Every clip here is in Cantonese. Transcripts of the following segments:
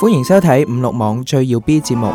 歡迎收睇五六網最耀 B 節目。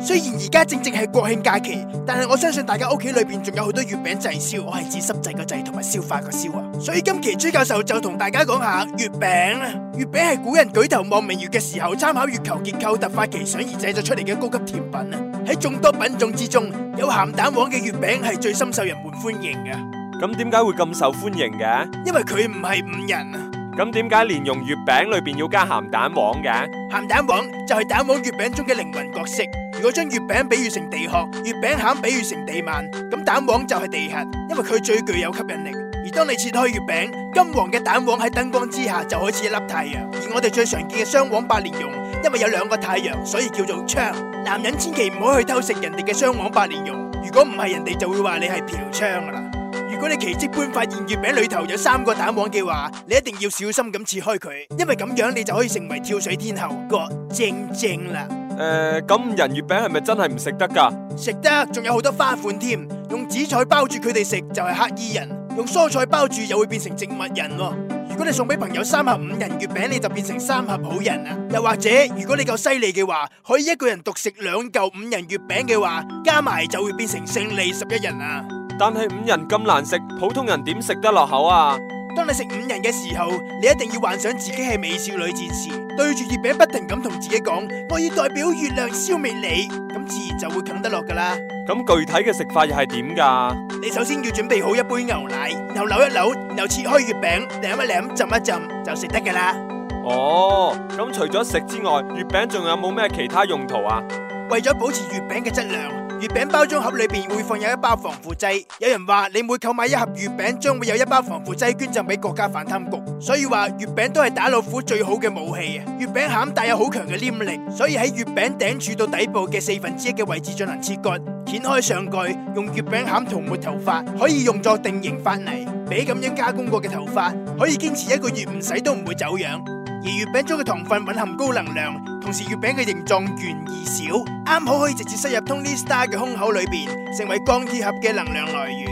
雖然而家正正係國慶假期，但係我相信大家屋企裏邊仲有好多月餅滯銷，我係指濕滯個滯同埋消化個消啊！所以今期朱教授就同大家講下月餅啊。月餅係古人舉頭望明月嘅時候，參考月球結構突發奇想而製作出嚟嘅高級甜品啊。喺眾多品種之中，有鹹蛋黃嘅月餅係最深受人們歡迎嘅。咁點解會咁受歡迎嘅？因為佢唔係五仁。咁點解蓮蓉月餅裏邊要加鹹蛋黃嘅？鹹蛋黃就係蛋黃月餅中嘅靈魂角色。如果將月餅比喻成地殼，月餅餡比喻成地幔，咁蛋黃就係地核，因為佢最具有吸引力。而當你切開月餅，金黃嘅蛋黃喺燈光之下就好似一粒太陽。而我哋最常見嘅雙黃白蓮蓉，因為有兩個太陽，所以叫做昌。男人千祈唔好去偷食人哋嘅雙黃白蓮蓉，如果唔係，人哋就會話你係嫖娼啦。如果你奇蹟般發現月餅裏頭有三個蛋黃嘅話，你一定要小心咁切開佢，因為咁樣你就可以成為跳水天后郭晶晶啦。誒、呃，咁五仁月餅係咪真係唔食得噶？食得，仲有好多花款添。用紫菜包住佢哋食就係、是、黑衣人，用蔬菜包住又會變成植物人咯。如果你送俾朋友三盒五仁月餅，你就變成三盒好人啊。又或者，如果你夠犀利嘅話，可以一個人獨食兩嚿五仁月餅嘅話，加埋就會變成勝利十一人啊！但係五仁咁難食，普通人點食得落口啊？當你食五仁嘅時候，你一定要幻想自己係美少女戰士，對住月餅不停咁同自己講，我要代表月亮消滅你，咁自然就會啃得落噶啦。咁具體嘅食法又係點噶？你首先要準備好一杯牛奶，然後扭一扭，然後切開月餅，舐一舐，浸一浸，就食得噶啦。哦，咁除咗食之外，月餅仲有冇咩其他用途啊？為咗保持月餅嘅質量。月餅包裝盒裏邊會放有一包防腐劑，有人話你每購買一盒月餅，將會有一包防腐劑捐贈俾國家反貪局，所以話月餅都係打老虎最好嘅武器啊！月餅餡帶有好強嘅黏力，所以喺月餅頂處到底部嘅四分之一嘅位置進行切割，掀開上蓋，用月餅餡塗抹頭髮可以用作定型髮泥，俾咁樣加工過嘅頭髮可以堅持一個月唔洗都唔會走樣，而月餅中嘅糖分蘊含高能量，同時，月餅嘅形狀圓而小，啱好可以直接塞入 Tony Stark 嘅胸口裏邊，成為鋼鐵俠嘅能量來源。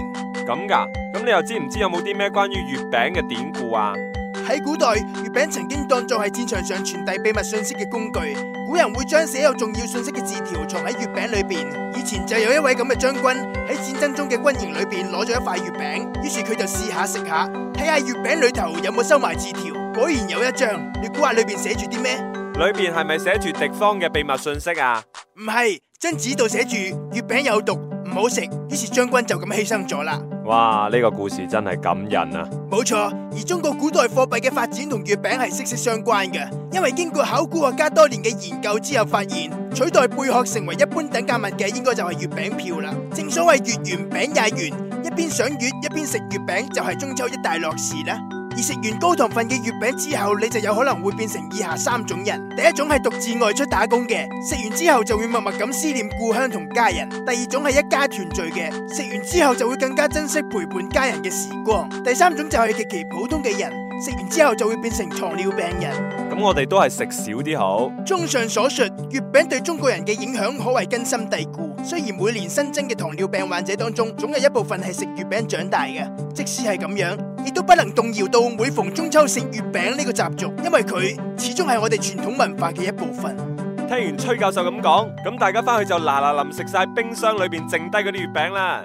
咁噶？咁你又知唔知有冇啲咩關於月餅嘅典故啊？喺古代，月餅曾經當作係戰場上傳遞秘密信息嘅工具。古人會將寫有重要信息嘅字條藏喺月餅裏邊。以前就有一位咁嘅將軍喺戰爭中嘅軍營裏邊攞咗一塊月餅，於是佢就試下食下，睇下月餅裏頭有冇收埋字條。果然有一張，你估下裏邊寫住啲咩？裏邊係咪寫住敵方嘅秘密信息啊？唔係，真紙度寫住月餅有毒，唔好食。於是將軍就咁犧牲咗啦。哇，呢、這個故事真係感人啊！冇錯，而中國古代貨幣嘅發展同月餅係息息相關嘅，因為經過考古學家多年嘅研究之後，發現取代貝殼成為一般等價物嘅，應該就係月餅票啦。正所謂月圓餅也圓，一邊賞月一邊食月餅，就係、是、中秋一大樂事啦。而食完高糖份嘅月餅之後，你就有可能會變成以下三種人：第一種係獨自外出打工嘅，食完之後就會默默咁思念故鄉同家人；第二種係一家團聚嘅，食完之後就會更加珍惜陪伴家人嘅時光；第三種就係極其普通嘅人。食完之後就會變成糖尿病人，咁我哋都係食少啲好。綜上所述，月餅對中國人嘅影響可謂根深蒂固。雖然每年新增嘅糖尿病患者當中，總有一部分係食月餅長大嘅。即使係咁樣，亦都不能動搖到每逢中秋食月餅呢個習俗，因為佢始終係我哋傳統文化嘅一部分。聽完崔教授咁講，咁大家翻去就嗱嗱臨食晒冰箱裏邊剩低啲月餅啦。